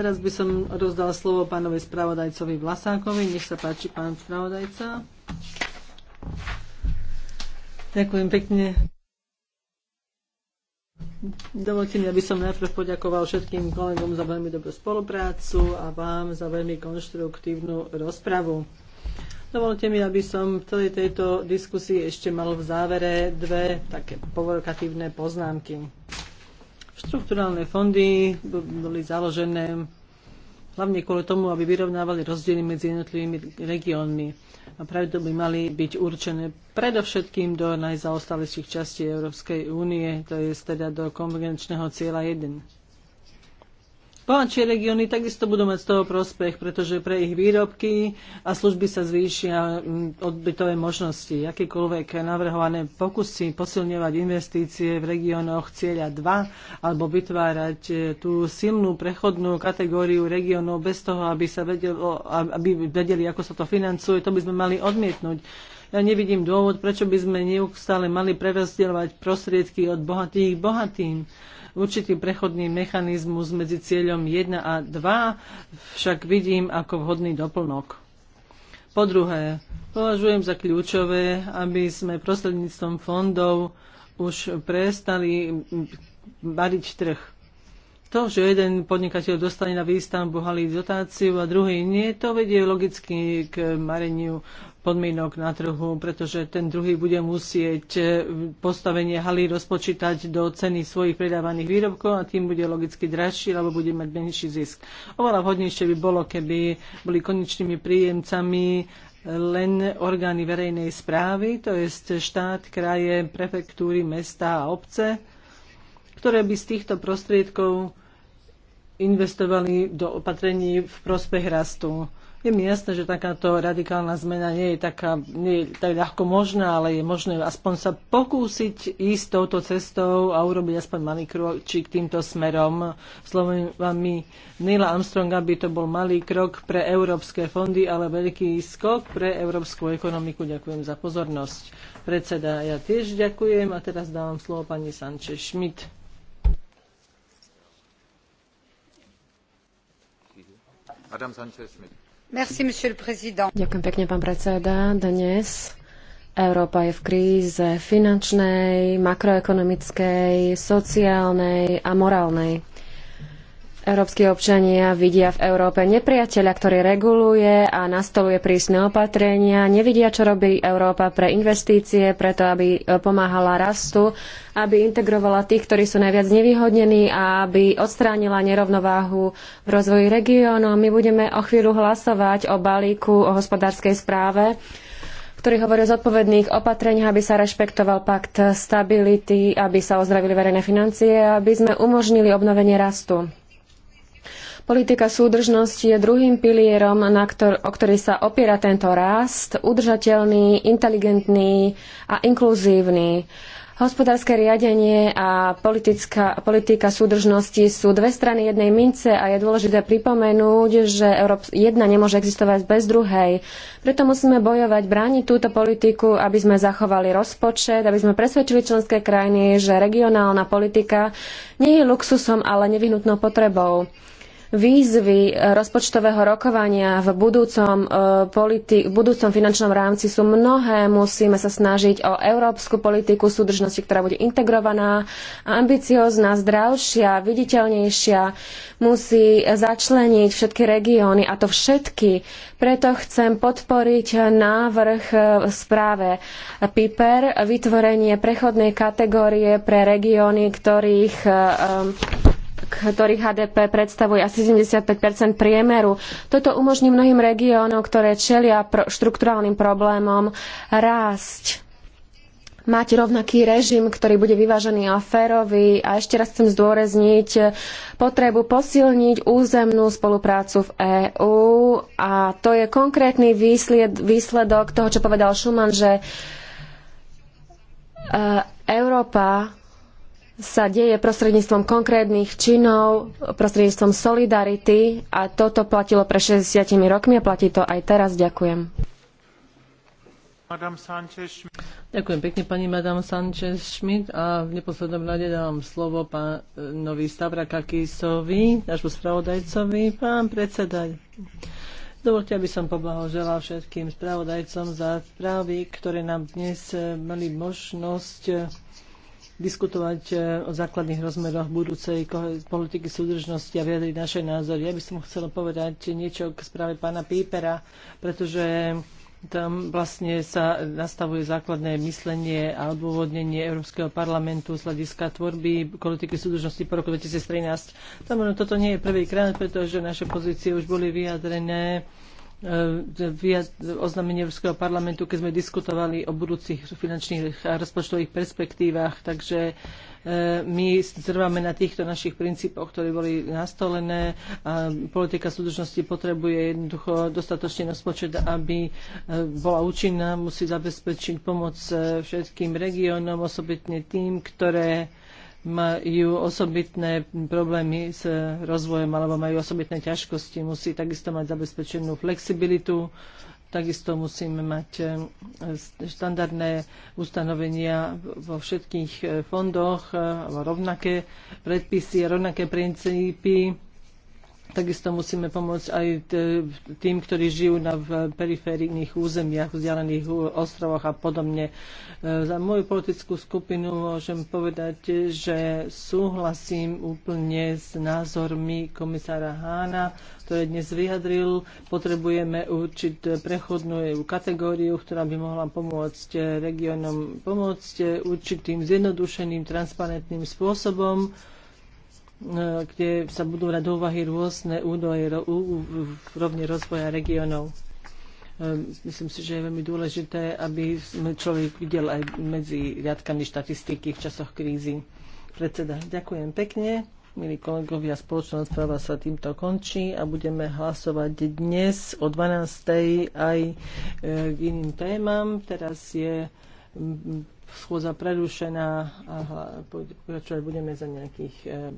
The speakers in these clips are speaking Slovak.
Teraz by som rozdal slovo pánovi spravodajcovi Vlasákovi. Nech sa páči, pán spravodajca. Ďakujem pekne. Dovolte mi, aby som najprv poďakoval všetkým kolegom za veľmi dobrú spoluprácu a vám za veľmi konštruktívnu rozpravu. Dovolte mi, aby som v celej tejto diskusii ešte mal v závere dve také provokatívne poznámky. Štruktúrálne fondy boli založené hlavne kvôli tomu, aby vyrovnávali rozdiely medzi jednotlivými regiónmi. A pravidlo by mali byť určené predovšetkým do najzaostalejších častí Európskej únie, to je teda do konvergenčného cieľa 1. Bohatšie regióny takisto budú mať z toho prospech, pretože pre ich výrobky a služby sa zvýšia mm, odbytové možnosti. Akékoľvek navrhované pokusy posilňovať investície v regiónoch cieľa 2 alebo vytvárať e, tú silnú prechodnú kategóriu regiónov bez toho, aby, sa vedelo, aby vedeli, ako sa to financuje, to by sme mali odmietnúť ja nevidím dôvod, prečo by sme neustále mali prerozdielovať prostriedky od bohatých bohatým určitý prechodný mechanizmus medzi cieľom 1 a 2 však vidím ako vhodný doplnok. Po druhé, považujem za kľúčové, aby sme prostredníctvom fondov už prestali bariť trh. To, že jeden podnikateľ dostane na výstavbu halí dotáciu a druhý nie, to vedie logicky k mareniu podmienok na trhu, pretože ten druhý bude musieť e, postavenie haly rozpočítať do ceny svojich predávaných výrobkov a tým bude logicky dražší, lebo bude mať menší zisk. Oveľa vhodnejšie by bolo, keby boli konečnými príjemcami len orgány verejnej správy, to je štát, kraje, prefektúry, mesta a obce, ktoré by z týchto prostriedkov investovali do opatrení v prospech rastu. Je mi jasné, že takáto radikálna zmena nie je, taká, nie je tak ľahko možná, ale je možné aspoň sa pokúsiť ísť touto cestou a urobiť aspoň malý k týmto smerom. Slovami Nila Armstronga by to bol malý krok pre európske fondy, ale veľký skok pre európsku ekonomiku. Ďakujem za pozornosť. Predseda, ja tiež ďakujem a teraz dávam slovo pani Sanče Schmidt. Adam Sanchez Schmidt. Ďakujem pekne, pán predseda. Dnes Európa je v kríze finančnej, makroekonomickej, sociálnej a morálnej. Európsky občania vidia v Európe nepriateľa, ktorý reguluje a nastoluje prísne opatrenia. Nevidia, čo robí Európa pre investície, preto aby e, pomáhala rastu, aby integrovala tých, ktorí sú najviac nevyhodnení a aby odstránila nerovnováhu v rozvoji regiónov. My budeme o chvíľu hlasovať o balíku o hospodárskej správe ktorý hovorí o zodpovedných opatreniach, aby sa rešpektoval pakt stability, aby sa ozdravili verejné financie, aby sme umožnili obnovenie rastu. Politika súdržnosti je druhým pilierom, na ktor- o ktorý sa opiera tento rast, udržateľný, inteligentný a inkluzívny. Hospodárske riadenie a politická, politika súdržnosti sú dve strany jednej mince a je dôležité pripomenúť, že Európ jedna nemôže existovať bez druhej. Preto musíme bojovať, brániť túto politiku, aby sme zachovali rozpočet, aby sme presvedčili členské krajiny, že regionálna politika nie je luxusom, ale nevyhnutnou potrebou výzvy rozpočtového rokovania v budúcom, e, politi- v budúcom finančnom rámci sú mnohé. Musíme sa snažiť o európsku politiku súdržnosti, ktorá bude integrovaná, ambiciózna, zdravšia, viditeľnejšia. Musí začleniť všetky regióny a to všetky. Preto chcem podporiť návrh v správe PIPER, vytvorenie prechodnej kategórie pre regióny, ktorých e, ktorých HDP predstavuje asi 75 priemeru. Toto umožní mnohým regiónom, ktoré čelia pro štrukturálnym problémom, rásť mať rovnaký režim, ktorý bude vyvážený a férový. A ešte raz chcem zdôrazniť potrebu posilniť územnú spoluprácu v EÚ. A to je konkrétny výsled, výsledok toho, čo povedal Schumann, že e, Európa sa deje prostredníctvom konkrétnych činov, prostredníctvom solidarity a toto platilo pre 60 rokmi a platí to aj teraz. Ďakujem. Ďakujem pekne pani Madame Sanchez Schmidt a v neposlednom rade dávam slovo pánovi Stavra Kakisovi, nášmu spravodajcovi, pán predseda. Dovolte, aby som poblahoželal všetkým spravodajcom za správy, ktoré nám dnes mali možnosť diskutovať e, o základných rozmeroch budúcej politiky súdržnosti a vyjadriť naše názory. Ja by som chcela povedať niečo k správe pána Pípera, pretože tam vlastne sa nastavuje základné myslenie a odôvodnenie Európskeho parlamentu z hľadiska tvorby politiky súdržnosti po roku 2013. Tam toto nie je prvýkrát, pretože naše pozície už boli vyjadrené E, oznámenie Európskeho parlamentu, keď sme diskutovali o budúcich finančných a rozpočtových perspektívach. Takže e, my trváme na týchto našich princípoch, ktoré boli nastolené a politika súdržnosti potrebuje jednoducho dostatočný rozpočet, aby e, bola účinná, musí zabezpečiť pomoc všetkým regiónom, osobitne tým, ktoré majú osobitné problémy s rozvojom alebo majú osobitné ťažkosti. Musí takisto mať zabezpečenú flexibilitu, takisto musíme mať eh, štandardné ustanovenia vo všetkých eh, fondoch, eh, rovnaké predpisy rovnaké princípy Takisto musíme pomôcť aj e, tým, ktorí žijú na periférnych územiach, vzdialených ostrovoch a podobne. E, za moju politickú skupinu môžem povedať, že súhlasím úplne s názormi komisára Hána, ktoré dnes vyjadril. Potrebujeme určiť prechodnú kategóriu, ktorá by mohla pomôcť e, regiónom, pomôcť určitým zjednodušeným, transparentným spôsobom E, kde sa budú rať do úvahy rôzne údaje rovne rozvoja regionov. E, myslím si, že je veľmi dôležité, aby človek videl aj medzi riadkami štatistiky v časoch krízy. Predseda, ďakujem pekne. Milí kolegovia, spoločná správa sa týmto končí a budeme hlasovať dnes o 12.00 aj e, k iným témam. Teraz je schôdza prerušená a pokračovať budeme za nejakých eh,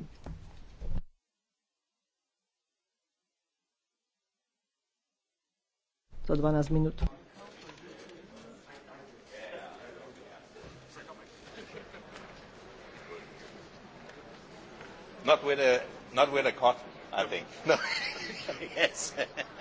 za 12 minút. Not with a, not with a cotton, I think. No. yes.